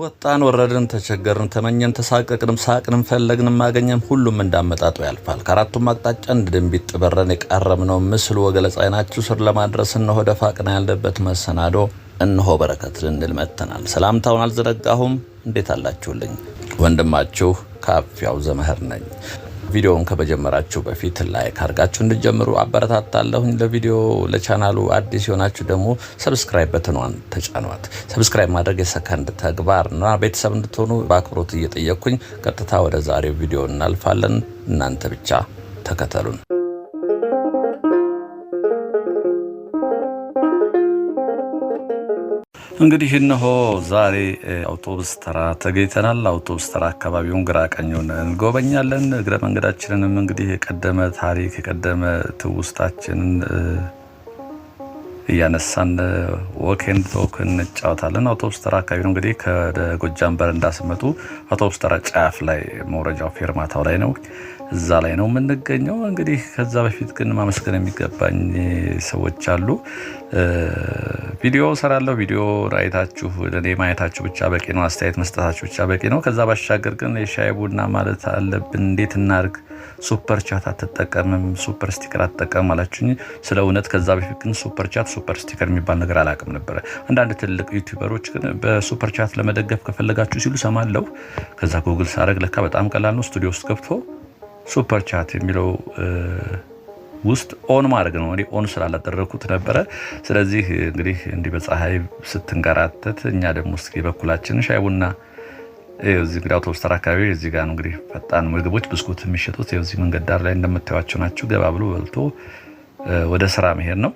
ወጣን ወረድን ተቸገርን ተመኘን ተሳቀቅንም ሳቅንም ፈለግንም ማገኘም ሁሉም እንዳመጣጡ ያልፋል። ከአራቱም አቅጣጫ እንድንቢጥ በረን የቃረምነው ምስል ወገለጻ አይናችሁ ስር ለማድረስ እነሆ ደፋቅና ያለበት መሰናዶ እነሆ በረከት ልንል መጥተናል። ሰላምታውን አልዘነጋሁም። እንዴት አላችሁልኝ? ወንድማችሁ ካፊያው ዘመህር ነኝ። ቪዲዮውን ከመጀመራችሁ በፊት ላይክ አድርጋችሁ እንድጀምሩ አበረታታለሁኝ። ለቪዲዮ ለቻናሉ አዲስ የሆናችሁ ደግሞ ሰብስክራይብ በትኗን ተጫኗት። ሰብስክራይብ ማድረግ የሰከንድ ተግባር እና ቤተሰብ እንድትሆኑ በአክብሮት እየጠየቅኩኝ ቀጥታ ወደ ዛሬው ቪዲዮ እናልፋለን። እናንተ ብቻ ተከተሉን። እንግዲህ እነሆ ዛሬ አውቶቡስ ተራ ተገኝተናል። አውቶቡስ ተራ አካባቢውን ግራ ቀኙን እንጎበኛለን። እግረ መንገዳችንንም እንግዲህ የቀደመ ታሪክ የቀደመ ትውስታችንን እያነሳን ወኬንድ ቶክ እንጫወታለን። አውቶቡስ ተራ አካባቢ ነው እንግዲህ ከጎጃም በር እንዳስመጡ አውቶቡስ ተራ ጫፍ ላይ መውረጃው ፌርማታው ላይ ነው። እዛ ላይ ነው የምንገኘው። እንግዲህ ከዛ በፊት ግን ማመስገን የሚገባኝ ሰዎች አሉ። ቪዲዮ ሰራለሁ። ቪዲዮ አይታችሁ እኔ ማየታችሁ ብቻ በቂ ነው። አስተያየት መስጠታችሁ ብቻ በቂ ነው። ከዛ ባሻገር ግን የሻይ ቡና ማለት አለብን። እንዴት እናርግ? ሱፐር ቻት አትጠቀምም፣ ሱፐር ስቲከር አትጠቀም አላችሁኝ። ስለ እውነት ከዛ በፊት ግን ሱፐር ቻት፣ ሱፐር ስቲከር የሚባል ነገር አላውቅም ነበረ። አንዳንድ ትልቅ ዩቲዩበሮች ግን በሱፐር ቻት ለመደገፍ ከፈለጋችሁ ሲሉ ሰማለሁ። ከዛ ጉግል ሳረግ ለካ በጣም ቀላል ነው። ስቱዲዮ ውስጥ ገብቶ ሱፐር ቻት የሚለው ውስጥ ኦን ማድረግ ነው። እኔ ኦን ስላላደረግኩት ነበረ። ስለዚህ እንግዲህ እንዲህ በፀሐይ ስትንገራተት እኛ ደግሞ እስኪ በኩላችን ሻይ ቡና እዚህ እንግዲህ አውቶቡስ ተራ አካባቢ እዚህ ጋር ነው እንግዲህ ፈጣን ምግቦች ብስኩት የሚሸጡት እዚህ መንገድ ዳር ላይ እንደምታዩቸው ናቸው። ገባ ብሎ በልቶ ወደ ስራ መሄድ ነው።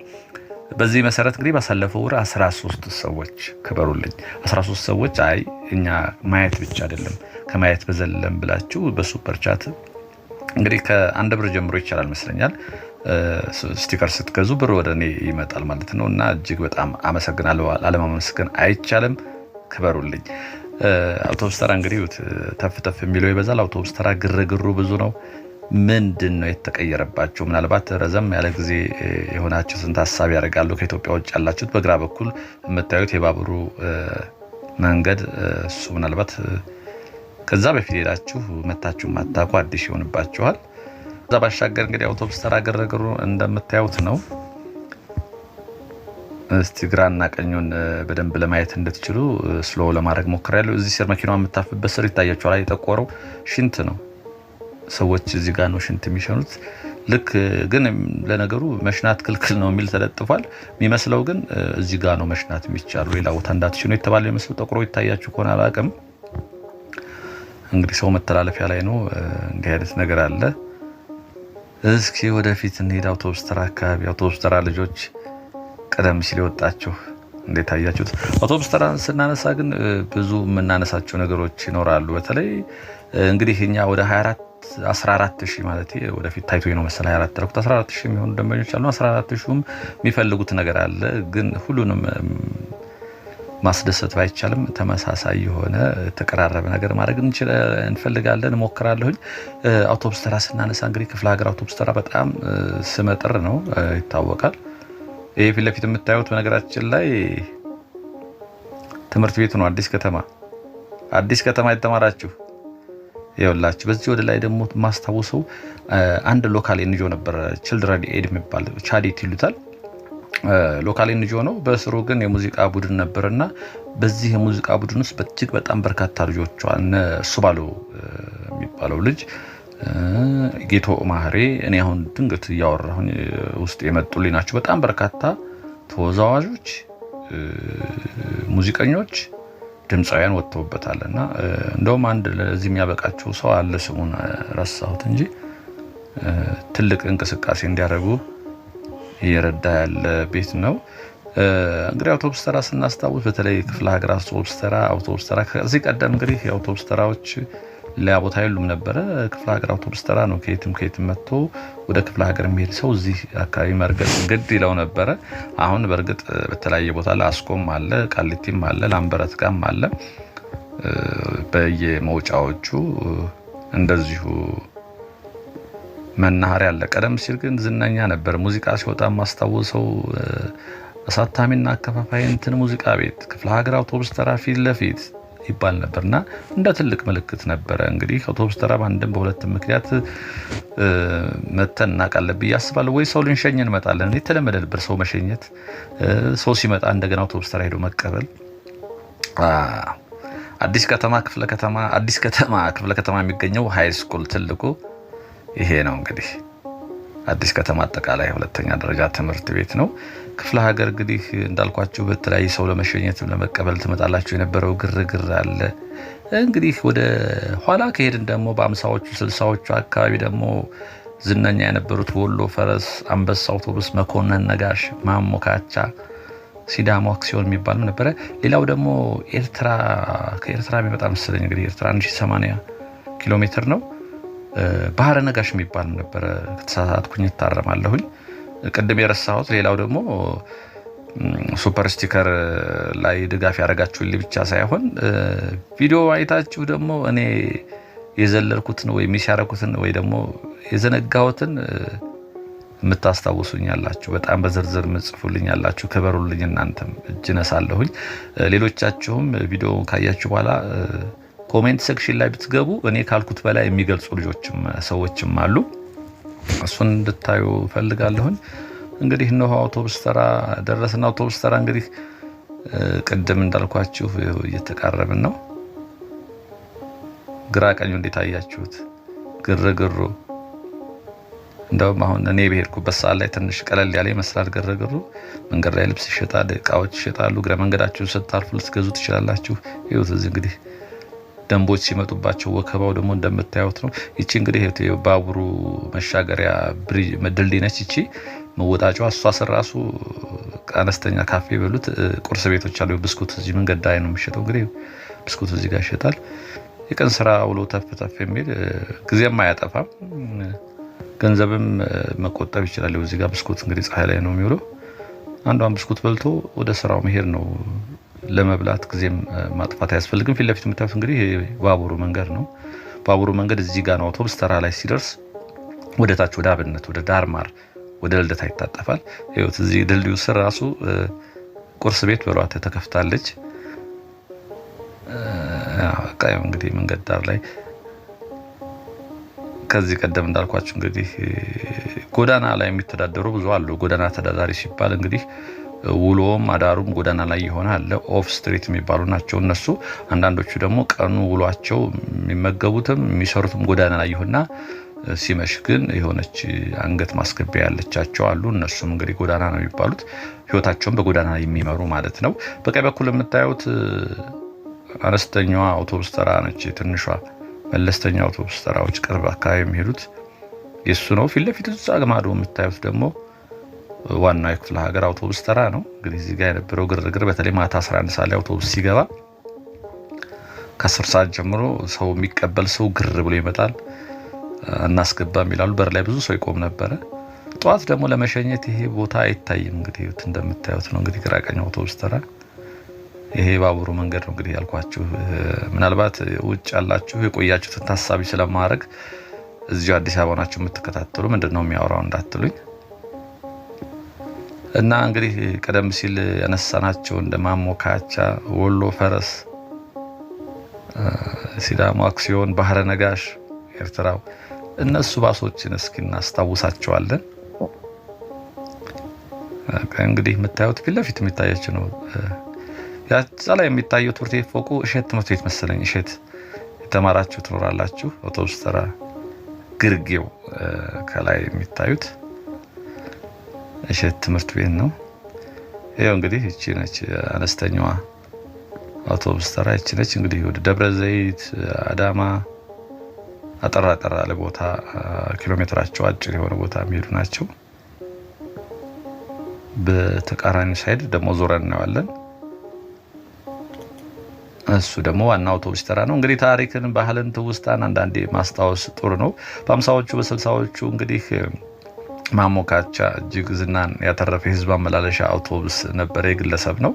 በዚህ መሰረት እንግዲህ ባሳለፈው ወር 13 ሰዎች ክበሩልኝ፣ 13 ሰዎች አይ እኛ ማየት ብቻ አይደለም ከማየት በዘለም ብላችሁ በሱፐር ቻት እንግዲህ ከአንድ ብር ጀምሮ ይቻላል ይመስለኛል። ስቲከር ስትገዙ ብር ወደ እኔ ይመጣል ማለት ነው እና እጅግ በጣም አመሰግናለሁ። አለማመስገን አይቻልም። ክበሩልኝ። አውቶቡስ ተራ እንግዲህ ተፍ ተፍ የሚለው ይበዛል። አውቶቡስ ተራ ግርግሩ ብዙ ነው። ምንድን ነው የተቀየረባቸው? ምናልባት ረዘም ያለ ጊዜ የሆናችሁትን ታሳቢ ያደርጋሉ። ከኢትዮጵያ ውጭ ያላችሁት በግራ በኩል የምታዩት የባቡሩ መንገድ እሱ ምናልባት ከዛ በፊት ሄዳችሁ መታችሁ ማታቁ አዲስ ይሆንባችኋል። ከዛ ባሻገር እንግዲህ አውቶቡስ ተራ ግርግሩ እንደምታዩት ነው። እስቲ ግራና ቀኙን በደንብ ለማየት እንድትችሉ ስሎ ለማድረግ ሞክሬያለሁ። እዚህ ስር መኪናዋ የምታፍበት ስር ይታያችኋል። የጠቆረው ሽንት ነው። ሰዎች እዚህ ጋር ነው ሽንት የሚሸኑት። ልክ ግን ለነገሩ መሽናት ክልክል ነው የሚል ተለጥፏል። የሚመስለው ግን እዚህ ጋር ነው መሽናት የሚቻሉ ሌላ ቦታ እንዳትሽኑ የተባለ ይመስል ጠቁሮ ይታያችሁ ከሆነ አላቅም። እንግዲህ ሰው መተላለፊያ ላይ ነው እንዲህ አይነት ነገር አለ። እስኪ ወደፊት እንሄድ። አውቶቡስ ተራ አካባቢ አውቶቡስ ተራ ልጆች ቀደም ሲል የወጣችሁ እንዴት አያችሁት? አውቶቡስ ተራ ስናነሳ ግን ብዙ የምናነሳቸው ነገሮች ይኖራሉ። በተለይ እንግዲህ እኛ ወደ 14 ሺህ ማለት ወደፊት ታይቶ ነው መሰለህ 24 14 ሺህ የሚሆኑ ደንበኞች አሉ። 14 ሺህም የሚፈልጉት ነገር አለ ግን ሁሉንም ማስደሰት ባይቻልም ተመሳሳይ የሆነ ተቀራረበ ነገር ማድረግ እንፈልጋለን። እሞክራለሁኝ። አውቶቡስ ተራ ስናነሳ እንግዲህ ክፍለ ሀገር አውቶቡስ ተራ በጣም ስመጥር ነው ይታወቃል። ይህ ፊት ለፊት የምታዩት በነገራችን ላይ ትምህርት ቤቱ ነው። አዲስ ከተማ አዲስ ከተማ የተማራችሁ ይኸውላችሁ በዚህ ወደ ላይ ደግሞ ማስታወሰው አንድ ሎካል ንጆ ነበረ፣ ችልድረን ኤድ የሚባል ቻሪቲ ይሉታል። ሎካል ልጅ ነው። በስሩ ግን የሙዚቃ ቡድን ነበር እና በዚህ የሙዚቃ ቡድን ውስጥ በእጅግ በጣም በርካታ ልጆቿ እሱ ባለው የሚባለው ልጅ ጌቶ ማህሬ፣ እኔ አሁን ድንገት እያወራሁኝ ውስጥ የመጡልኝ ናቸው። በጣም በርካታ ተወዛዋዦች፣ ሙዚቀኞች፣ ድምፃውያን ወጥተውበታል እና እንደውም አንድ ለዚህ የሚያበቃቸው ሰው አለ፣ ስሙን ረሳሁት እንጂ ትልቅ እንቅስቃሴ እንዲያደርጉ እየረዳ ያለ ቤት ነው። እንግዲህ አውቶቡስ ተራ ስናስታውስ በተለይ ክፍለ ሀገር አውቶቡስ ተራ አውቶቡስ ተራ ከዚህ ቀደም እንግዲህ የአውቶቡስ ተራዎች ሌላ ቦታ የሉም ነበረ። ክፍለ ሀገር አውቶቡስ ተራ ነው። ከየትም ከየትም መጥቶ ወደ ክፍለ ሀገር የሚሄድ ሰው እዚህ አካባቢ መርገጥ ግድ ይለው ነበረ። አሁን በእርግጥ በተለያየ ቦታ ላይ አስኮም አለ፣ ቃሊቲም አለ፣ ላምበረት ጋም አለ። በየመውጫዎቹ እንደዚሁ መናኸሪያ አለ። ቀደም ሲል ግን ዝነኛ ነበር። ሙዚቃ ሲወጣ ማስታወሰው አሳታሚና አከፋፋይ እንትን ሙዚቃ ቤት፣ ክፍለ ሀገር አውቶቡስ ተራ ፊት ለፊት ይባል ነበር እና እንደ ትልቅ ምልክት ነበረ። እንግዲህ አውቶቡስ ተራ በአንድም በሁለትም ምክንያት መተን እናውቃለን ብዬ አስባለሁ። ወይ ሰው ልንሸኝ እንመጣለን። የተለመደ ነበር ሰው መሸኘት፣ ሰው ሲመጣ እንደገና አውቶቡስ ተራ ሄዶ መቀበል። አዲስ ከተማ ክፍለ ከተማ አዲስ ከተማ ክፍለ ከተማ የሚገኘው ሃይ ስኩል ትልቁ ይሄ ነው እንግዲህ አዲስ ከተማ አጠቃላይ ሁለተኛ ደረጃ ትምህርት ቤት ነው። ክፍለ ሀገር እንግዲህ እንዳልኳችሁ በተለያየ ሰው ለመሸኘትም ለመቀበል ትመጣላችሁ የነበረው ግርግር አለ። እንግዲህ ወደ ኋላ ከሄድን ደግሞ በአምሳዎቹ ስልሳዎቹ አካባቢ ደግሞ ዝነኛ የነበሩት ወሎ ፈረስ፣ አንበሳ አውቶቡስ፣ መኮንን ነጋሽ፣ ማሞካቻ፣ ሲዳሞ አክሲዮን የሚባልም ነበረ። ሌላው ደግሞ ኤርትራ ከኤርትራ የሚመጣ መሰለኝ እንግዲህ ኤርትራ 1080 ኪሎ ሜትር ነው። ባህረ ነጋሽ የሚባል ነበረ። ከተሳሳትኩኝ እታረማለሁኝ። ቅድም የረሳሁት ሌላው ደግሞ ሱፐር ስቲከር ላይ ድጋፍ ያደረጋችሁልኝ ብቻ ሳይሆን ቪዲዮ አይታችሁ ደግሞ እኔ የዘለልኩትን ወይ ሚስ ያደረኩትን ወይ ደግሞ የዘነጋሁትን የምታስታውሱኝ ያላችሁ በጣም በዝርዝር ምጽፉልኝ ያላችሁ ክበሩልኝ። እናንተም እጅ ነሳለሁኝ። ሌሎቻችሁም ቪዲዮ ካያችሁ በኋላ ኮሜንት ሴክሽን ላይ ብትገቡ እኔ ካልኩት በላይ የሚገልጹ ልጆችም ሰዎችም አሉ። እሱን እንድታዩ ፈልጋለሁኝ። እንግዲህ እነሆ አውቶቡስ ተራ ደረስና አውቶቡስ ተራ እንግዲህ ቅድም እንዳልኳችሁ እየተቃረብን ነው። ግራ ቀኙ እንዴት አያችሁት? ግርግሩ እንደውም አሁን እኔ በሄድኩበት ሰዓት ላይ ትንሽ ቀለል ያለ ይመስላል ግርግሩ። መንገድ ላይ ልብስ ይሸጣል፣ እቃዎች ይሸጣሉ። እግረ መንገዳችሁን ስታልፉ ልትገዙ ትችላላችሁ። ይሁት እዚህ እንግዲህ ደንቦች ሲመጡባቸው ወከባው ደግሞ እንደምታዩት ነው። ይቺ እንግዲህ የባቡሩ መሻገሪያ ድልድይ ነች። ይቺ መወጣጫዋ እሷ ስራሱ አነስተኛ ካፌ በሉት ቁርስ ቤቶች አሉ። ብስኩት እዚህ መንገድ ዳይ ነው የሚሸጠው። እንግዲህ ብስኩት እዚህ ጋር ይሸጣል። የቀን ስራ ውሎ ተፍ ተፍ የሚል ጊዜም አያጠፋም፣ ገንዘብም መቆጠብ ይችላል። እዚህ ጋር ብስኩት እንግዲህ ፀሐይ ላይ ነው የሚውለው። አንዷን ብስኩት በልቶ ወደ ስራው መሄድ ነው። ለመብላት ጊዜም ማጥፋት አያስፈልግም። ፊት ለፊት የምታዩት እንግዲህ ባቡሩ መንገድ ነው። ባቡሩ መንገድ እዚህ ጋር ነው። ተራ ላይ ሲደርስ ወደ ታች ወደ አብነት ወደ ዳርማር ወደ ልደታ ይታጠፋል። ይኸውት እዚህ ድልድዩ ስር ራሱ ቁርስ ቤት በሏት ተከፍታለች። በቃ እንግዲህ መንገድ ዳር ላይ ከዚህ ቀደም እንዳልኳቸው እንግዲህ ጎዳና ላይ የሚተዳደሩ ብዙ አሉ። ጎዳና ተዳዳሪ ሲባል እንግዲህ ውሎም አዳሩም ጎዳና ላይ የሆነ አለ። ኦፍ ስትሪት የሚባሉ ናቸው እነሱ። አንዳንዶቹ ደግሞ ቀኑ ውሏቸው የሚመገቡትም የሚሰሩትም ጎዳና ላይ ይሆንና ሲመሽ ግን የሆነች አንገት ማስገቢያ ያለቻቸው አሉ። እነሱም እንግዲህ ጎዳና ነው የሚባሉት፣ ህይወታቸውን በጎዳና የሚመሩ ማለት ነው። በቀኝ በኩል የምታዩት አነስተኛዋ አውቶቡስ ተራ ነች። ትንሿ መለስተኛ አውቶቡስ ተራዎች ቅርብ አካባቢ የሚሄዱት የሱ ነው። ፊት ለፊት ጻግማዶ የምታዩት ደግሞ ዋናው የክፍለ ሀገር አውቶቡስ ተራ ነው። እንግዲህ እዚህ ጋር የነበረው ግርግር በተለይ ማታ 11 ሰዓት ላይ አውቶቡስ ሲገባ ከአስር ሰዓት ጀምሮ ሰው የሚቀበል ሰው ግር ብሎ ይመጣል። እናስገባም ይላሉ። በር ላይ ብዙ ሰው ይቆም ነበረ። ጠዋት ደግሞ ለመሸኘት ይሄ ቦታ አይታይም። እንግዲህ እንደምታዩት ነው እንግዲህ ግራቀኝ አውቶቡስ ተራ ይሄ ባቡሩ መንገድ ነው እንግዲህ ያልኳችሁ። ምናልባት ውጭ ያላችሁ የቆያችሁትን ታሳቢ ስለማድረግ እዚሁ አዲስ አበባ ናችሁ የምትከታተሉ ምንድን ነው የሚያወራው እንዳትሉኝ እና እንግዲህ ቀደም ሲል ያነሳናቸው እንደ ማሞ ካቻ፣ ወሎ ፈረስ፣ ሲዳሞ አክሲዮን፣ ባህረ ነጋሽ ኤርትራው እነሱ ባሶችን እስኪ እናስታውሳቸዋለን። እንግዲህ የምታዩት ፊት ለፊት የሚታየች ነው። ያዛ ላይ የሚታየው ትምህርት ቤት ፎቁ እሸት ትምህርት ቤት መሰለኝ። እሸት የተማራችሁ ትኖራላችሁ። አውቶቡስ ተራ ግርጌው ከላይ የሚታዩት እሸት ትምህርት ቤት ነው። ያው እንግዲህ እቺ ነች አነስተኛዋ አውቶቡስ ተራ እቺ ነች። እንግዲህ ወደ ደብረ ዘይት፣ አዳማ አጠራ አጠራ ያለ ቦታ ኪሎ ሜትራቸው አጭር የሆነ ቦታ የሚሄዱ ናቸው። በተቃራኒ ሳይድ ደግሞ ዞረን እናየዋለን። እሱ ደግሞ ዋና አውቶቡስ ተራ ነው። እንግዲህ ታሪክን፣ ባህልን፣ ትውስታን አንዳንዴ ማስታወስ ጥሩ ነው። በአምሳዎቹ በስልሳዎቹ እንግዲህ ማሞካቻ እጅግ ዝናን ያተረፈ የህዝብ አመላለሻ አውቶቡስ ነበረ። የግለሰብ ነው።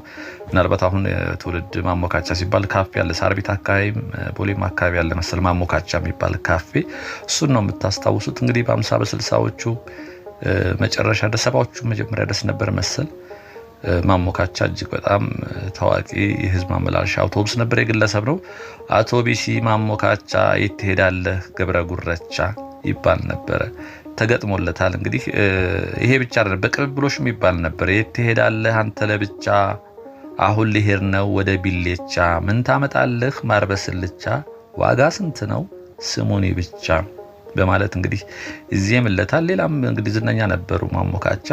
ምናልባት አሁን ትውልድ ማሞካቻ ሲባል ካፌ ያለ ሳርቤት አካባቢም ቦሌም አካባቢ ያለ መሰል ማሞካቻ የሚባል ካፌ እሱን ነው የምታስታውሱት። እንግዲህ በአምሳ በስልሳዎቹ መጨረሻ ደሰባዎቹ መጀመሪያ ደስ ነበር መሰል ማሞካቻ እጅግ በጣም ታዋቂ የህዝብ ማመላለሻ አውቶቡስ ነበር። የግለሰብ ነው። አቶ ቢሲ ማሞካቻ የት ትሄዳለህ ገብረ ጉረቻ ይባል ነበረ። ተገጥሞለታል። እንግዲህ ይሄ ብቻ አይደለም፣ በቅብብሎሽ የሚባል ነበር። የት ትሄዳለህ አንተ ለብቻ? አሁን ልሄድ ነው ወደ ቢሌቻ። ምን ታመጣለህ ማርበስልቻ? ዋጋ ስንት ነው ስሙኒ ብቻ በማለት እንግዲህ እዚህ ይዜምለታል። ሌላም እንግዲህ ዝነኛ ነበሩ ማሞካቻ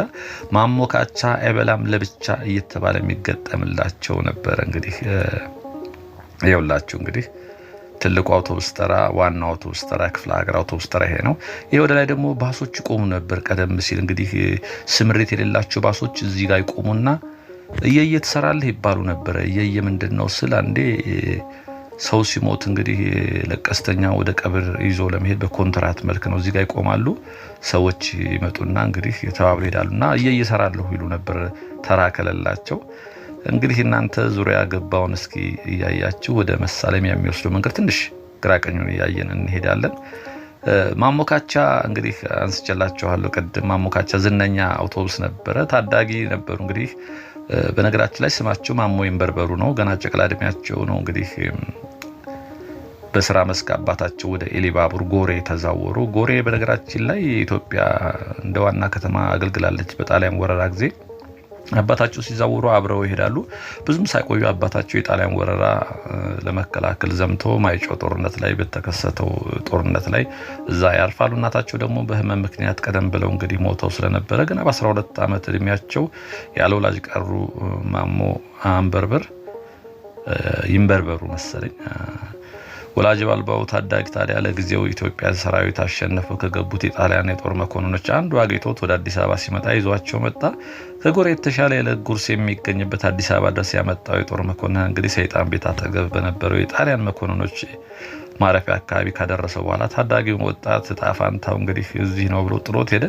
ማሞካቻ አይበላም ለብቻ እየተባለ የሚገጠምላቸው ነበረ። እንግዲህ ይኸውላችሁ እንግዲህ ትልቁ አውቶቡስ ተራ፣ ዋናው አውቶቡስ ተራ፣ ክፍለ ሀገር አውቶቡስ ተራ ይሄ ነው። ይሄ ወደ ላይ ደግሞ ባሶች ይቆሙ ነበር። ቀደም ሲል እንግዲህ ስምሬት የሌላቸው ባሶች እዚህ ጋር ይቆሙና እየየ ትሰራለህ ይባሉ ነበረ። እየየ ምንድን ነው ስል አንዴ ሰው ሲሞት እንግዲህ ለቀስተኛ ወደ ቀብር ይዞ ለመሄድ በኮንትራት መልክ ነው እዚህ ጋር ይቆማሉ። ሰዎች ይመጡና እንግዲህ ተባብረው ይሄዳሉና እየየ እሰራለሁ ይሉ ነበር ተራ ከለላቸው። እንግዲህ እናንተ ዙሪያ ገባውን እስኪ እያያችሁ ወደ መሳለሚያ የሚወስዱ መንገድ ትንሽ ግራቀኙን እያየን እንሄዳለን። ማሞካቻ እንግዲህ አንስቼላችኋለሁ ቅድም። ማሞካቻ ዝነኛ አውቶቡስ ነበረ። ታዳጊ ነበሩ። እንግዲህ በነገራችን ላይ ስማቸው ማሞ ይንበርበሩ ነው። ገና ጨቅላ እድሜያቸው ነው። እንግዲህ በስራ መስክ አባታቸው ወደ ኤሊባቡር ጎሬ ተዛወሩ። ጎሬ በነገራችን ላይ ኢትዮጵያ እንደ ዋና ከተማ አገልግላለች በጣሊያን ወረራ ጊዜ አባታቸው ሲዛወሩ አብረው ይሄዳሉ። ብዙም ሳይቆዩ አባታቸው የጣሊያን ወረራ ለመከላከል ዘምቶ ማይጨው ጦርነት ላይ በተከሰተው ጦርነት ላይ እዛ ያርፋሉ። እናታቸው ደግሞ በህመም ምክንያት ቀደም ብለው እንግዲህ ሞተው ስለነበረ ግና በ12 ዓመት እድሜያቸው ያለ ወላጅ ቀሩ። ማሞ አንበርበር ይንበርበሩ መሰለኝ ወላጅ ባልባው ታዳጊ ታዲያ ለጊዜው ኢትዮጵያ ሰራዊት አሸንፈው ከገቡት የጣሊያን የጦር መኮንኖች አንዱ አግኝቶት ወደ አዲስ አበባ ሲመጣ ይዟቸው መጣ። ከጎሬ የተሻለ የዕለት ጉርስ የሚገኝበት አዲስ አበባ ድረስ ያመጣው የጦር መኮንን እንግዲህ ሰይጣን ቤት አጠገብ በነበረው የጣሊያን መኮንኖች ማረፊያ አካባቢ ካደረሰው በኋላ ታዳጊውን ወጣት ዕጣ እንግዲህ እዚህ ነው ብሎ ጥሎት ሄደ።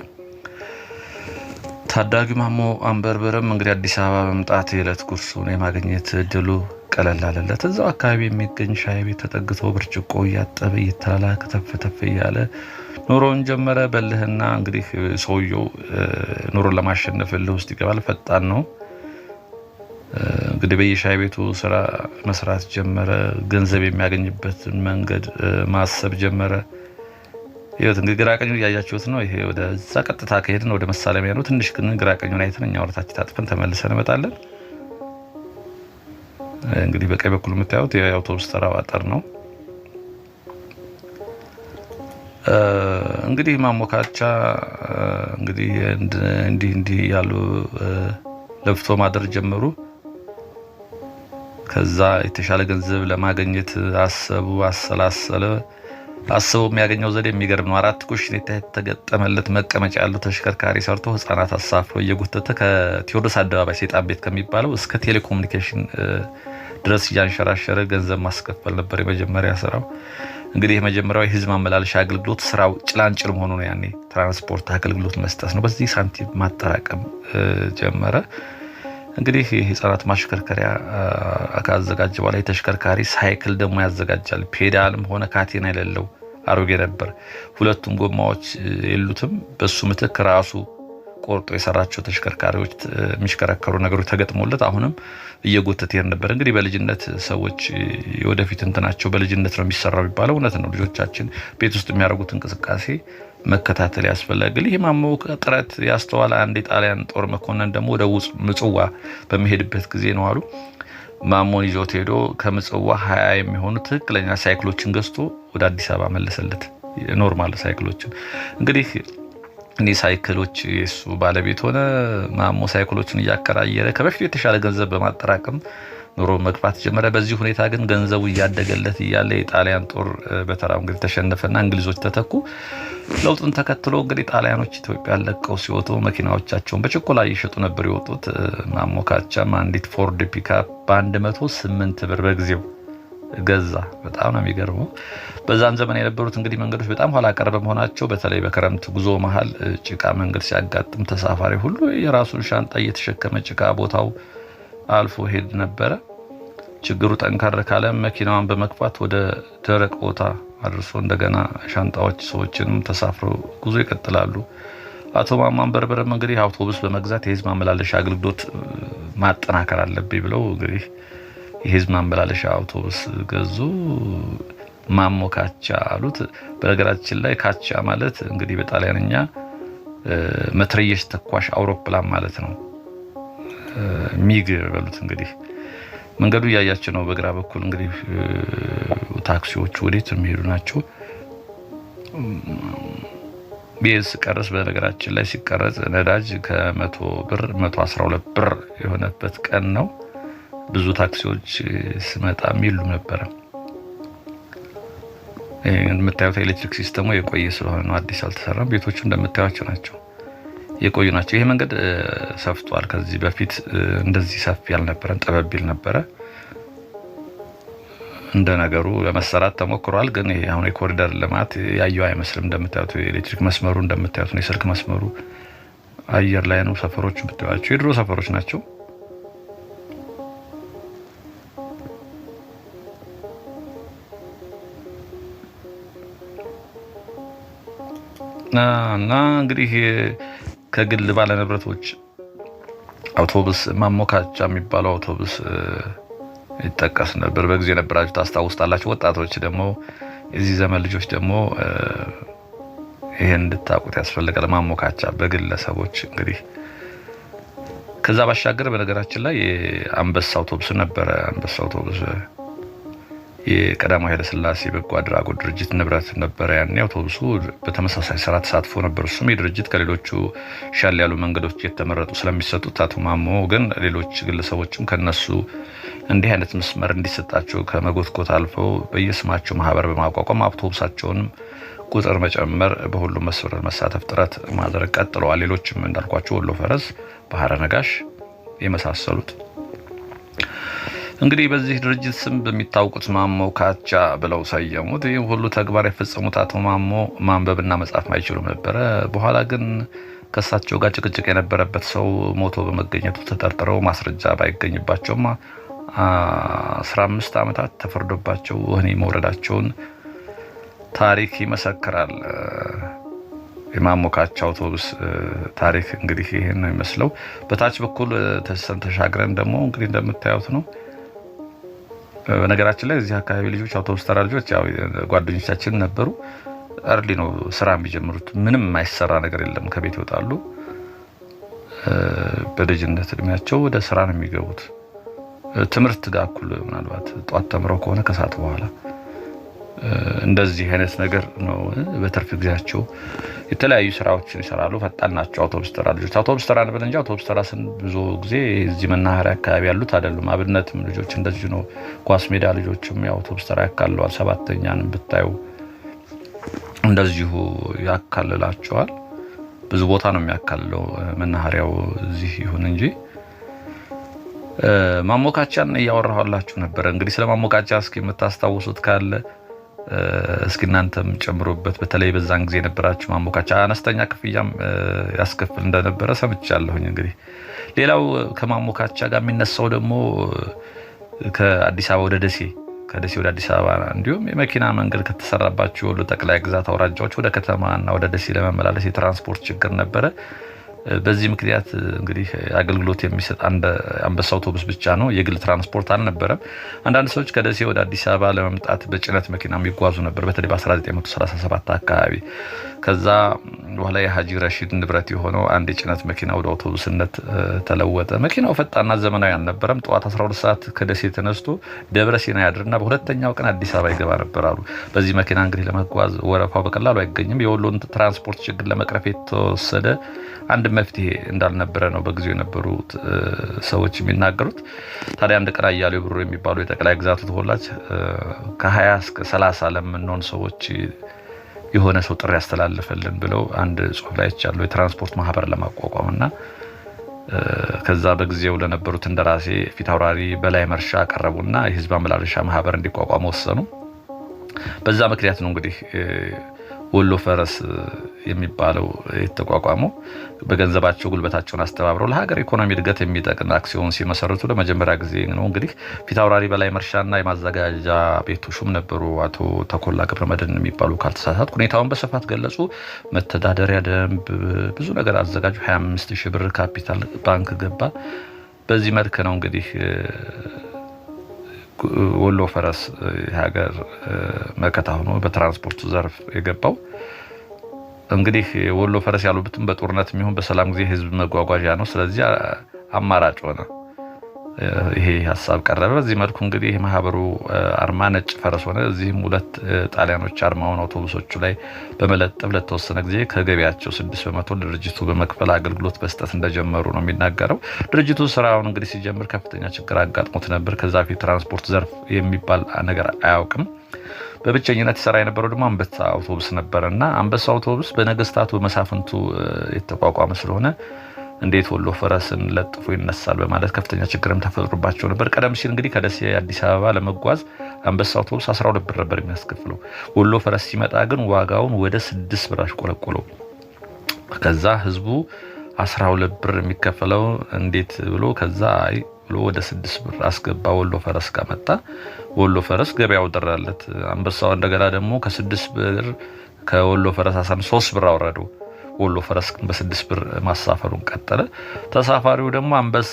ታዳጊ ማሞ አንበርበረም እንግዲህ አዲስ አበባ መምጣት የዕለት ጉርሱን የማግኘት ድሉ ቀለል አለለት። እዛው አካባቢ የሚገኝ ሻይ ቤት ተጠግቶ ብርጭቆ እያጠበ እየተላላ ከተፈተፈ እያለ ኑሮውን ጀመረ። በልህና እንግዲህ ሰውየው ኑሮን ለማሸነፍ እልህ ውስጥ ይገባል። ፈጣን ነው እንግዲህ በየሻይ ቤቱ ስራ መስራት ጀመረ። ገንዘብ የሚያገኝበትን መንገድ ማሰብ ጀመረ። ይወት እንግዲህ ግራቀኙ እያያችሁት ነው። ይሄ ወደዛ ቀጥታ ከሄድን ወደ መሳለሚያ ነው። ትንሽ ግን ግራቀኙን አይተን እኛ ወረታችን ታጥፈን ተመልሰን እንመጣለን። እንግዲህ በቀኝ በኩል የምታዩት የአውቶቡስ ተራው አጠር ነው። እንግዲህ ማሞካቻ እንግዲህ እንዲህ እንዲህ ያሉ ለፍቶ ማደር ጀመሩ። ከዛ የተሻለ ገንዘብ ለማገኘት አሰቡ፣ አሰላሰለ። አስበው የሚያገኘው ዘዴ የሚገርም ነው። አራት ኩሽኔታ የተገጠመለት መቀመጫ ያለው ተሽከርካሪ ሰርቶ ህጻናት አሳፍሮ እየጎተተ ከቴዎድሮስ አደባባይ ሴጣን ቤት ከሚባለው እስከ ቴሌኮሙኒኬሽን ድረስ እያንሸራሸረ ገንዘብ ማስከፈል ነበር የመጀመሪያ ስራው። እንግዲህ የመጀመሪያው የህዝብ ማመላለሻ አገልግሎት ስራው ጭላንጭል መሆኑ ነው። ያኔ ትራንስፖርት አገልግሎት መስጠት ነው። በዚህ ሳንቲም ማጠራቀም ጀመረ። እንግዲህ የህጻናት ማሽከርከሪያ ካዘጋጀ በኋላ የተሽከርካሪ ሳይክል ደግሞ ያዘጋጃል። ፔዳልም ሆነ ካቴና የሌለው አሮጌ ነበር። ሁለቱም ጎማዎች የሉትም። በሱ ምትክ ራሱ ቆርጦ የሰራቸው ተሽከርካሪዎች፣ የሚሽከረከሩ ነገሮች ተገጥሞለት አሁንም እየጎተት ይሄድ ነበር። እንግዲህ በልጅነት ሰዎች የወደፊት እንትናቸው በልጅነት ነው የሚሰራው የሚባለው እውነት ነው። ልጆቻችን ቤት ውስጥ የሚያደርጉት እንቅስቃሴ መከታተል ያስፈልጋል። ይህ ማሞክ ጥረት ያስተዋለ አንድ የጣሊያን ጦር መኮንን ደግሞ ወደ ምጽዋ በሚሄድበት ጊዜ ነው አሉ ማሞን ይዞት ሄዶ ከምጽዋ ሀያ የሚሆኑ ትክክለኛ ሳይክሎችን ገዝቶ ወደ አዲስ አበባ መለሰለት። ኖርማል ሳይክሎችን እንግዲህ እኔ ሳይክሎች የሱ ባለቤት ሆነ። ማሞ ሳይክሎችን እያከራየረ ከበፊቱ የተሻለ ገንዘብ በማጠራቀም ኑሮ መግፋት ጀመረ። በዚህ ሁኔታ ግን ገንዘቡ እያደገለት እያለ የጣሊያን ጦር በተራው እንግዲህ ተሸነፈና እንግሊዞች ተተኩ። ለውጡን ተከትሎ እንግዲህ ጣሊያኖች ኢትዮጵያን ለቀው ሲወጡ መኪናዎቻቸውን በችኮላ እየሸጡ ነበር የወጡት። ማሞካቻም አንዲት ፎርድ ፒካፕ በ108 ብር በጊዜው ገዛ። በጣም ነው የሚገርመው። በዛም ዘመን የነበሩት እንግዲህ መንገዶች በጣም ኋላ ቀር በመሆናቸው በተለይ በክረምት ጉዞ መሀል ጭቃ መንገድ ሲያጋጥም ተሳፋሪ ሁሉ የራሱን ሻንጣ እየተሸከመ ጭቃ ቦታው አልፎ ሄድ ነበረ። ችግሩ ጠንከር ካለ መኪናዋን በመግፋት ወደ ደረቅ ቦታ አድርሶ እንደገና ሻንጣዎች ሰዎችንም ተሳፍረው ጉዞ ይቀጥላሉ። አቶ ማማን በርበረም እንግዲህ አውቶቡስ በመግዛት የህዝብ ማመላለሻ አገልግሎት ማጠናከር አለብኝ ብለው እንግዲህ የህዝብ ማመላለሻ አውቶቡስ ገዙ። ማሞ ካቻ አሉት። በነገራችን ላይ ካቻ ማለት እንግዲህ በጣሊያንኛ መትረየስ ተኳሽ አውሮፕላን ማለት ነው። ሚግ በሉት እንግዲህ መንገዱ እያያቸው ነው። በግራ በኩል እንግዲህ ታክሲዎቹ ወዴት የሚሄዱ ናቸው። ቤዝ ሲቀረጽ በነገራችን ላይ ሲቀረጽ ነዳጅ ከመቶ ብር መቶ ብር የሆነበት ቀን ነው። ብዙ ታክሲዎች ስመጣ የሚሉ ነበረ። የምታዩት ኤሌክትሪክ ሲስተሙ የቆየ ስለሆነ ነው፣ አዲስ አልተሰራም። ቤቶቹ እንደምታዩቸው ናቸው። የቆዩ ናቸው። ይሄ መንገድ ሰፍቷል። ከዚህ በፊት እንደዚህ ሰፊ ያልነበረን ጠበብ ይል ነበረ። እንደ ነገሩ ለመሰራት ተሞክሯል። ግን አሁን የኮሪደር ልማት ያየው አይመስልም። እንደምታዩት የኤሌክትሪክ መስመሩ እንደምታዩት ነው። የስልክ መስመሩ አየር ላይ ነው። ሰፈሮች የምታዩቸው የድሮ ሰፈሮች ናቸው። እና እንግዲህ ከግል ባለንብረቶች አውቶቡስ ማሞካቻ የሚባለው አውቶቡስ ይጠቀስ ነበር። በጊዜ የነበራችሁ ታስታውስታላችሁ። ወጣቶች ደግሞ የዚህ ዘመን ልጆች ደግሞ ይህን እንድታውቁት ያስፈልጋል። ማሞካቻ በግለሰቦች እንግዲህ ከዛ ባሻገር በነገራችን ላይ አንበሳ አውቶቡስ ነበረ። አንበሳ አውቶቡስ የቀዳማዊ ኃይለስላሴ በጎ አድራጎት ድርጅት ንብረት ነበረ። ያኔ አውቶቡሱ በተመሳሳይ ስራ ተሳትፎ ነበር። እሱም የድርጅት ከሌሎቹ ሻል ያሉ መንገዶች የተመረጡ ስለሚሰጡት አቶ ማሞ ግን ሌሎች ግለሰቦችም ከነሱ እንዲህ አይነት መስመር እንዲሰጣቸው ከመጎትጎት አልፈው በየስማቸው ማህበር በማቋቋም አውቶቡሳቸውንም ቁጥር መጨመር፣ በሁሉም መስመር መሳተፍ ጥረት ማድረግ ቀጥለዋል። ሌሎችም እንዳልኳቸው ወሎ ፈረስ፣ ባህረ ነጋሽ የመሳሰሉት እንግዲህ በዚህ ድርጅት ስም በሚታወቁት ማሞ ካቻ ብለው ሰየሙት። ይህም ሁሉ ተግባር የፈጸሙት አቶ ማሞ ማንበብና መጻፍ አይችሉም ነበረ። በኋላ ግን ከእሳቸው ጋር ጭቅጭቅ የነበረበት ሰው ሞቶ በመገኘቱ ተጠርጥረው ማስረጃ ባይገኝባቸውም 15 ዓመታት ተፈርዶባቸው ወህኒ መውረዳቸውን ታሪክ ይመሰክራል። የማሞ ካቻ አውቶቡስ ታሪክ እንግዲህ ይህን ነው ይመስለው። በታች በኩል ተሰን ተሻግረን ደግሞ እንግዲህ እንደምታዩት ነው በነገራችን ላይ እዚህ አካባቢ ልጆች አውቶቡስ ተራ ልጆች ጓደኞቻችን ነበሩ። እርሊ ነው ስራ የሚጀምሩት። ምንም የማይሰራ ነገር የለም። ከቤት ይወጣሉ። በልጅነት እድሜያቸው ወደ ስራ ነው የሚገቡት። ትምህርት ጋር እኩል ምናልባት ጧት ተምረው ከሆነ ከሰዓት በኋላ እንደዚህ አይነት ነገር ነው በትርፍ ጊዜያቸው የተለያዩ ስራዎችን ይሰራሉ። ፈጣን ናቸው። አውቶብስ ተራ ልጆች አውቶብስ ተራ ንበት እንጂ አውቶብስ ተራ ስን ብዙ ጊዜ እዚህ መናኸሪያ አካባቢ ያሉት አይደሉም። አብነትም ልጆች እንደዚህ ነው። ኳስ ሜዳ ልጆችም የአውቶብስ ተራ ያካልለዋል። ሰባተኛን ብታዩ እንደዚሁ ያካልላቸዋል። ብዙ ቦታ ነው የሚያካልለው መናኸሪያው እዚህ ይሁን እንጂ ማሞካቻን እያወራኋላችሁ ነበረ። እንግዲህ ስለ ማሞቃቻ እስኪ የምታስታውሱት ካለ እስኪ እናንተም ጨምሮበት። በተለይ በዛን ጊዜ የነበራችሁ ማሞካቻ አነስተኛ ክፍያም ያስከፍል እንደነበረ ሰምቻለሁኝ። እንግዲህ ሌላው ከማሞካቻ ጋር የሚነሳው ደግሞ ከአዲስ አበባ ወደ ደሴ ከደሴ ወደ አዲስ አበባ እንዲሁም የመኪና መንገድ ከተሰራባቸው የወሎ ጠቅላይ ግዛት አውራጃዎች ወደ ከተማና ወደ ደሴ ለመመላለስ የትራንስፖርት ችግር ነበረ። በዚህ ምክንያት እንግዲህ አገልግሎት የሚሰጥ አንበሳ አውቶቡስ ብቻ ነው። የግል ትራንስፖርት አልነበረም። አንዳንድ ሰዎች ከደሴ ወደ አዲስ አበባ ለመምጣት በጭነት መኪና የሚጓዙ ነበር፣ በተለይ በ1937 አካባቢ። ከዛ በኋላ የሀጂ ረሺድ ንብረት የሆነው አንድ የጭነት መኪና ወደ አውቶቡስነት ተለወጠ። መኪናው ፈጣንና ዘመናዊ አልነበረም። ጠዋት 12 ሰዓት ከደሴ ተነስቶ ደብረ ሲና ያድርና በሁለተኛው ቀን አዲስ አበባ ይገባ ነበር አሉ። በዚህ መኪና እንግዲህ ለመጓዝ ወረፋው በቀላሉ አይገኝም። የወሎን ትራንስፖርት ችግር ለመቅረፍ የተወሰደ አንድ መፍትሄ እንዳልነበረ ነው በጊዜው የነበሩት ሰዎች የሚናገሩት። ታዲያ አንድ ቀን አያሌው ብሩ የሚባሉ የጠቅላይ ግዛቱ ተወላጅ ከ20 እስከ 30 ለምንሆን ሰዎች የሆነ ሰው ጥሪ ያስተላልፈልን ብለው አንድ ጽሁፍ ላይ ያለው የትራንስፖርት ማህበር ለማቋቋም እና ከዛ በጊዜው ለነበሩት እንደራሴ ፊት አውራሪ በላይ መርሻ አቀረቡና የህዝብ አመላለሻ ማህበር እንዲቋቋም ወሰኑ። በዛ ምክንያት ነው እንግዲህ ወሎ ፈረስ የሚባለው የተቋቋመው በገንዘባቸው ጉልበታቸውን አስተባብረው ለሀገር ኢኮኖሚ እድገት የሚጠቅም አክሲዮን ሲመሰርቱ ለመጀመሪያ ጊዜ ነው። እንግዲህ ፊታውራሪ በላይ መርሻና የማዘጋጃ ቤቱ ሹም ነበሩ አቶ ተኮላ መድን የሚባሉ ካልተሳሳት ሁኔታውን በስፋት ገለጹ። መተዳደሪያ ደንብ፣ ብዙ ነገር አዘጋጁ። 25 ሺህ ብር ካፒታል ባንክ ገባ። በዚህ መልክ ነው እንግዲህ ወሎ ፈረስ የሀገር መከታ ሆኖ በትራንስፖርት ዘርፍ የገባው እንግዲህ ወሎ ፈረስ ያሉበትም በጦርነት የሚሆን በሰላም ጊዜ ህዝብ መጓጓዣ ነው። ስለዚህ አማራጭ ሆነ። ይሄ ሀሳብ ቀረበ። በዚህ መልኩ እንግዲህ የማህበሩ አርማ ነጭ ፈረስ ሆነ። እዚህም ሁለት ጣሊያኖች አርማውን አውቶቡሶቹ ላይ በመለጠፍ ለተወሰነ ጊዜ ከገቢያቸው ስድስት በመቶ ድርጅቱ በመክፈል አገልግሎት መስጠት እንደጀመሩ ነው የሚናገረው። ድርጅቱ ስራውን እንግዲህ ሲጀምር ከፍተኛ ችግር አጋጥሞት ነበር። ከዛ ፊት ትራንስፖርት ዘርፍ የሚባል ነገር አያውቅም። በብቸኝነት ይሰራ የነበረው ደግሞ አንበሳ አውቶቡስ ነበር እና አንበሳ አውቶቡስ በነገስታቱ በመሳፍንቱ የተቋቋመ ስለሆነ እንዴት ወሎ ፈረስን ለጥፎ ይነሳል በማለት ከፍተኛ ችግርም ተፈጥሮባቸው ነበር። ቀደም ሲል እንግዲህ ከደሴ አዲስ አበባ ለመጓዝ አንበሳ አውቶቡስ 12 ብር ነበር የሚያስከፍለው። ወሎ ፈረስ ሲመጣ ግን ዋጋውን ወደ ስድስት ብር አሽቆለቆለው። ከዛ ህዝቡ 12 ብር የሚከፈለው እንዴት ብሎ ከዛ አይ ብሎ ወደ ስድስት ብር አስገባ። ወሎ ፈረስ ከመጣ ወሎ ፈረስ ገበያው ደራለት። አንበሳው እንደገና ደግሞ ከስድስት ብር ከወሎ ፈረስ 13 ብር አወረደው። ወሎ ፈረስ በስድስት ብር ማሳፈሩን ቀጠለ። ተሳፋሪው ደግሞ አንበሳ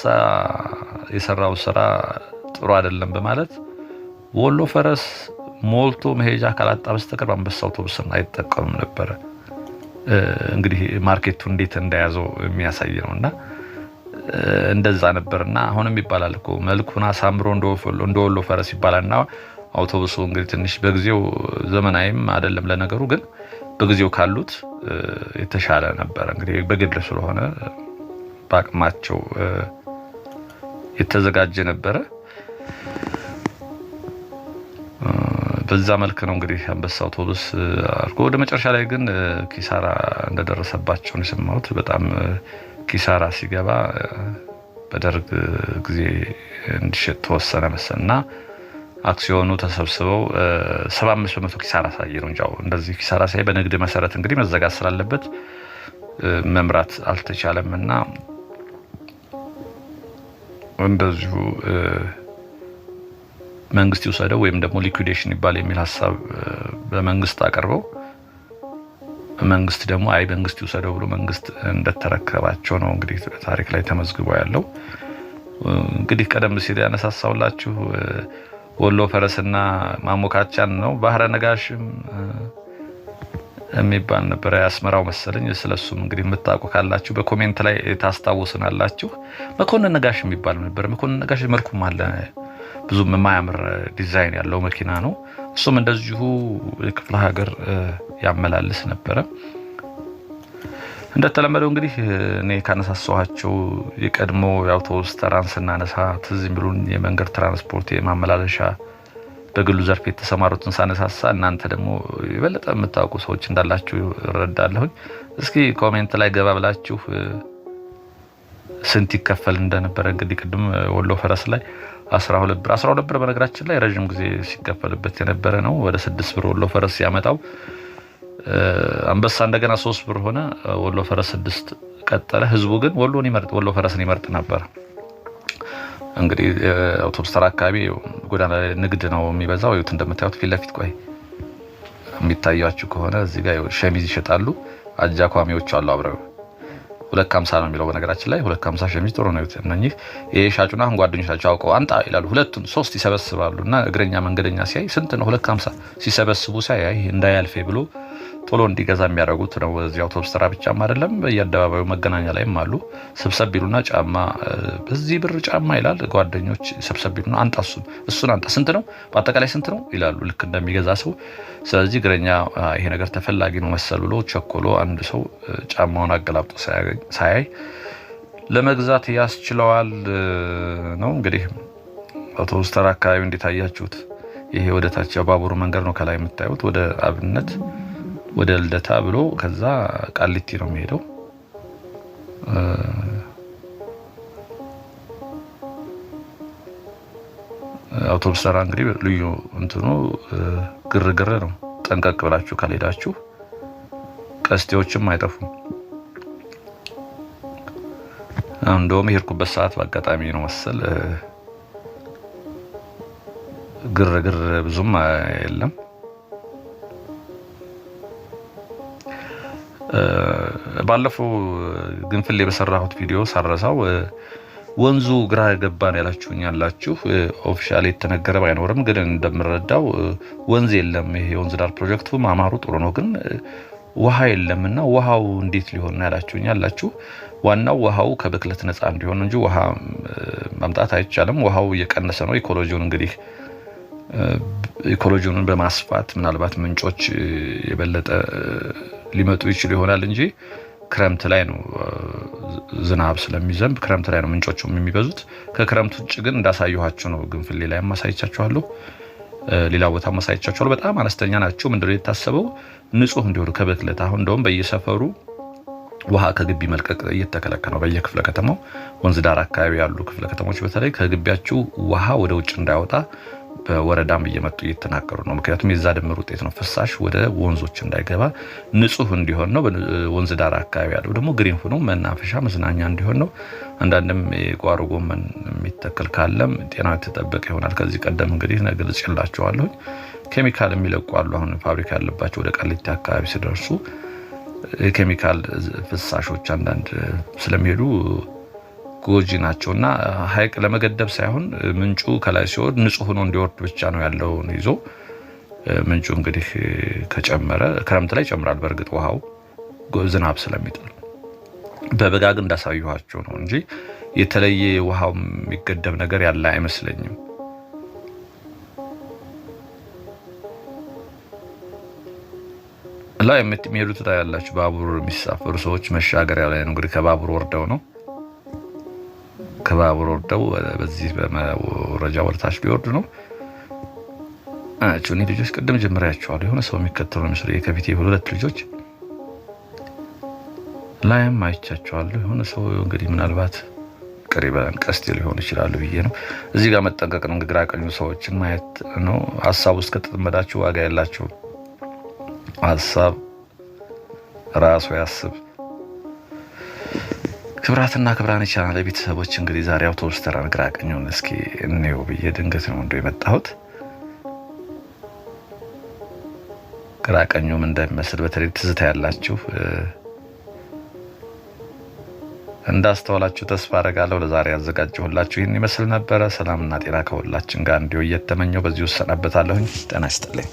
የሰራው ስራ ጥሩ አይደለም በማለት ወሎ ፈረስ ሞልቶ መሄጃ ካላጣ በስተቀር አንበሳ አውቶቡስን አይጠቀሙም ነበረ። እንግዲህ ማርኬቱ እንዴት እንደያዘው የሚያሳይ ነው እና እንደዛ እና አሁንም ይባላል እኮ መልኩን አሳምሮ እንደ ወሎ ፈረስ ይባላልና አውቶቡሱ እንግዲህ ትንሽ በጊዜው ዘመናዊም አይደለም ለነገሩ ግን በጊዜው ካሉት የተሻለ ነበረ። እንግዲህ በግል ስለሆነ በአቅማቸው የተዘጋጀ ነበረ። በዛ መልክ ነው እንግዲህ አንበሳ አውቶቡስ አድርጎ ወደ መጨረሻ ላይ ግን ኪሳራ እንደደረሰባቸው ነው የሰማሁት። በጣም ኪሳራ ሲገባ በደርግ ጊዜ እንዲሸጥ ተወሰነ መሰል እና አክሲዮኑ ተሰብስበው 75 በመቶ ኪሳራ ሳይ ነው። እንጃው እንደዚህ ኪሳራ ሳይ በንግድ መሰረት እንግዲህ መዘጋት ስላለበት መምራት አልተቻለም እና እንደዚሁ መንግስት ይውሰደው ወይም ደግሞ ሊኩዴሽን ይባል የሚል ሀሳብ በመንግስት አቀርበው መንግስት ደግሞ አይ መንግስት ይውሰደው ብሎ መንግስት እንደተረከባቸው ነው እንግዲህ ታሪክ ላይ ተመዝግቦ ያለው። እንግዲህ ቀደም ሲል ያነሳሳውላችሁ ወሎ ፈረስና ማሞካቻን ነው። ባህረ ነጋሽም የሚባል ነበረ የአስመራው መሰለኝ። ስለሱም እንግዲህ የምታውቁ ካላችሁ በኮሜንት ላይ ታስታውሱናላችሁ። መኮንን ነጋሽ የሚባል ነበር። መኮንን ነጋሽ መልኩም አለ ብዙም የማያምር ዲዛይን ያለው መኪና ነው። እሱም እንደዚሁ የክፍለ ሀገር ያመላልስ ነበረ። እንደተለመደው እንግዲህ እኔ ካነሳሰኋቸው የቀድሞ የአውቶቡስ ተራን ስናነሳ ትዝ የሚሉን የመንገድ ትራንስፖርት የማመላለሻ በግሉ ዘርፍ የተሰማሩትን ሳነሳሳ እናንተ ደግሞ የበለጠ የምታውቁ ሰዎች እንዳላችሁ እረዳለሁኝ። እስኪ ኮሜንት ላይ ገባ ብላችሁ ስንት ይከፈል እንደነበረ እንግዲህ ቅድም ወሎ ፈረስ ላይ 12 ብር 12 ብር በነገራችን ላይ ረዥም ጊዜ ሲከፈልበት የነበረ ነው። ወደ ስድስት ብር ወሎ ፈረስ ያመጣው አንበሳ እንደገና ሶስት ብር ሆነ። ወሎ ፈረስ ስድስት ቀጠለ። ህዝቡ ግን ወሎን ይመርጥ ወሎ ፈረስን ይመርጥ ነበር። እንግዲህ አውቶብስ ተራ አካባቢ ጎዳና ላይ ንግድ ነው የሚበዛው። ይኸው እንደምታዩት ፊት ለፊት ቆይ የሚታያችሁ ከሆነ እዚህ ጋ ሸሚዝ ይሸጣሉ። አጃ ኳሚዎች አሉ አብረው ሁለት ሀምሳ ነው የሚለው በነገራችን ላይ ሁለት ሀምሳ ሸሚዝ ጥሩ ነው። እነህ ይሄ ሻጩና አሁን ጓደኞቻቸው አውቀው አንጣ ይላሉ። ሁለቱን ሶስት ይሰበስባሉ እና እግረኛ መንገደኛ ሲያይ ስንት ነው ሁለት ሀምሳ ሲሰበስቡ ሲያይ እንዳያልፌ ብሎ ቶሎ እንዲገዛ የሚያደርጉት ነው። በዚህ አውቶቡስ ተራ ብቻም አይደለም፣ የአደባባዩ መገናኛ ላይም አሉ። ስብሰብ ቢሉና ጫማ በዚህ ብር ጫማ ይላል። ጓደኞች ስብሰብ ቢሉና አንጣ እሱን አንጣ ስንት ነው በአጠቃላይ ስንት ነው ይላሉ፣ ልክ እንደሚገዛ ሰው። ስለዚህ እግረኛ ይሄ ነገር ተፈላጊ ነው መሰል ብሎ ቸኮሎ አንድ ሰው ጫማውን አገላብጦ ሳያይ ለመግዛት ያስችለዋል ነው እንግዲህ አውቶብስ ተራ አካባቢ እንዴት አያችሁት? ይሄ ወደ ታች ባቡር መንገድ ነው ከላይ የምታዩት ወደ አብነት ወደ ልደታ ብሎ ከዛ ቃሊቲ ነው የሚሄደው። አውቶቡስ ተራ እንግዲህ ልዩ እንትኑ ግርግር ነው። ጠንቀቅ ብላችሁ ካልሄዳችሁ ቀስቴዎችም አይጠፉም። እንደውም የሄድኩበት ሰዓት በአጋጣሚ ነው መሰል ግርግር ብዙም የለም። ባለፈው ግንፍሌ በሰራሁት ቪዲዮ ሳረሳው ወንዙ ግራ ገባን ያላችሁኝ ያላችሁ ኦፊሻል የተነገረ ባይኖርም ግን እንደምረዳው ወንዝ የለም። ይሄ የወንዝ ዳር ፕሮጀክቱ ማማሩ ጥሩ ነው፣ ግን ውሃ የለም እና ውሃው እንዴት ሊሆን ያላችሁኝ ያላችሁ፣ ዋናው ውሃው ከብክለት ነፃ እንዲሆን እንጂ ውሃ ማምጣት አይቻልም። ውሃው እየቀነሰ ነው። ኢኮሎጂውን እንግዲህ ኢኮሎጂውን በማስፋት ምናልባት ምንጮች የበለጠ ሊመጡ ይችሉ ይሆናል እንጂ ክረምት ላይ ነው ዝናብ ስለሚዘንብ ክረምት ላይ ነው ምንጮቹም የሚበዙት። ከክረምት ውጭ ግን እንዳሳየኋቸው ነው። ግንፍሌ ላይ ማሳይቻችኋለሁ፣ ሌላ ቦታ ማሳይቻችኋለሁ። በጣም አነስተኛ ናቸው። ምንድነው የታሰበው? ንጹህ እንዲሆኑ ከብክለት። አሁን እንደውም በየሰፈሩ ውሃ ከግቢ መልቀቅ እየተከለከለ ነው። በየክፍለ ከተማው ወንዝ ዳር አካባቢ ያሉ ክፍለ ከተሞች በተለይ ከግቢያችሁ ውሃ ወደ ውጭ እንዳይወጣ በወረዳም እየመጡ እየተናገሩ ነው። ምክንያቱም የዛ ድምር ውጤት ነው ፍሳሽ ወደ ወንዞች እንዳይገባ ንጹህ እንዲሆን ነው። ወንዝ ዳር አካባቢ ያለው ደግሞ ግሪን ሆኖ መናፈሻ መዝናኛ እንዲሆን ነው። አንዳንድም የጓሮ ጎመን የሚተክል ካለም ጤና የተጠበቀ ይሆናል። ከዚህ ቀደም እንግዲህ ግልጽ ላቸዋለሁኝ ኬሚካል የሚለቁ አሉ። አሁን ፋብሪካ ያለባቸው ወደ ቃሊቲ አካባቢ ሲደርሱ የኬሚካል ፍሳሾች አንዳንድ ስለሚሄዱ ጎጂ ናቸው እና ሀይቅ ለመገደብ ሳይሆን ምንጩ ከላይ ሲወርድ ንጹህ ሆኖ እንዲወርድ ብቻ ነው ያለውን ይዞ ምንጩ እንግዲህ ከጨመረ ክረምት ላይ ይጨምራል። በእርግጥ ውሃው ዝናብ ስለሚጥል በበጋ ግን ነው እንጂ የተለየ ውሃው የሚገደብ ነገር ያለ አይመስለኝም። ላይ የሚሄዱት ላይ ያላችሁ ባቡር የሚሳፈሩ ሰዎች መሻገሪያ ላይ ነው እንግዲህ ከባቡር ወርደው ነው ከባቡር ወርደው በዚህ በመረጃ ወደታች ሊወርድ ነው። እኔ ልጆች ቅድም ጀምሬያቸዋል። የሆነ ሰው የሚከተሉ ምስሉ የከፊቴ ሁለት ልጆች ላይም አይቻቸዋለሁ። የሆነ ሰው እንግዲህ ምናልባት ቀሪበን ቀስቴ ሊሆን ይችላሉ ብዬ ነው። እዚህ ጋር መጠንቀቅ ነው። ግራ ቀኙ ሰዎችን ማየት ነው። ሀሳብ ውስጥ ከተጠመዳችሁ ዋጋ የላችሁም። ሀሳብ ራሱ ያስብ። ክብራትና ክብራን ይቻላል ቤተሰቦች እንግዲህ ዛሬ አውቶቡስ ተራ ግራ ቀኙን እስኪ እንየው ብዬ ድንገት ነው እንዶ የመጣሁት። ግራ ቀኙም እንደሚመስል በተለይ ትዝታ ያላችሁ እንዳስተዋላችሁ ተስፋ አረጋለሁ። ለዛሬ ያዘጋጀሁላችሁ ይህን ይመስል ነበረ። ሰላምና ጤና ከሁላችን ጋር እንዲሁ እየተመኘው በዚሁ እሰናበታለሁኝ። ጤና ይስጥልኝ።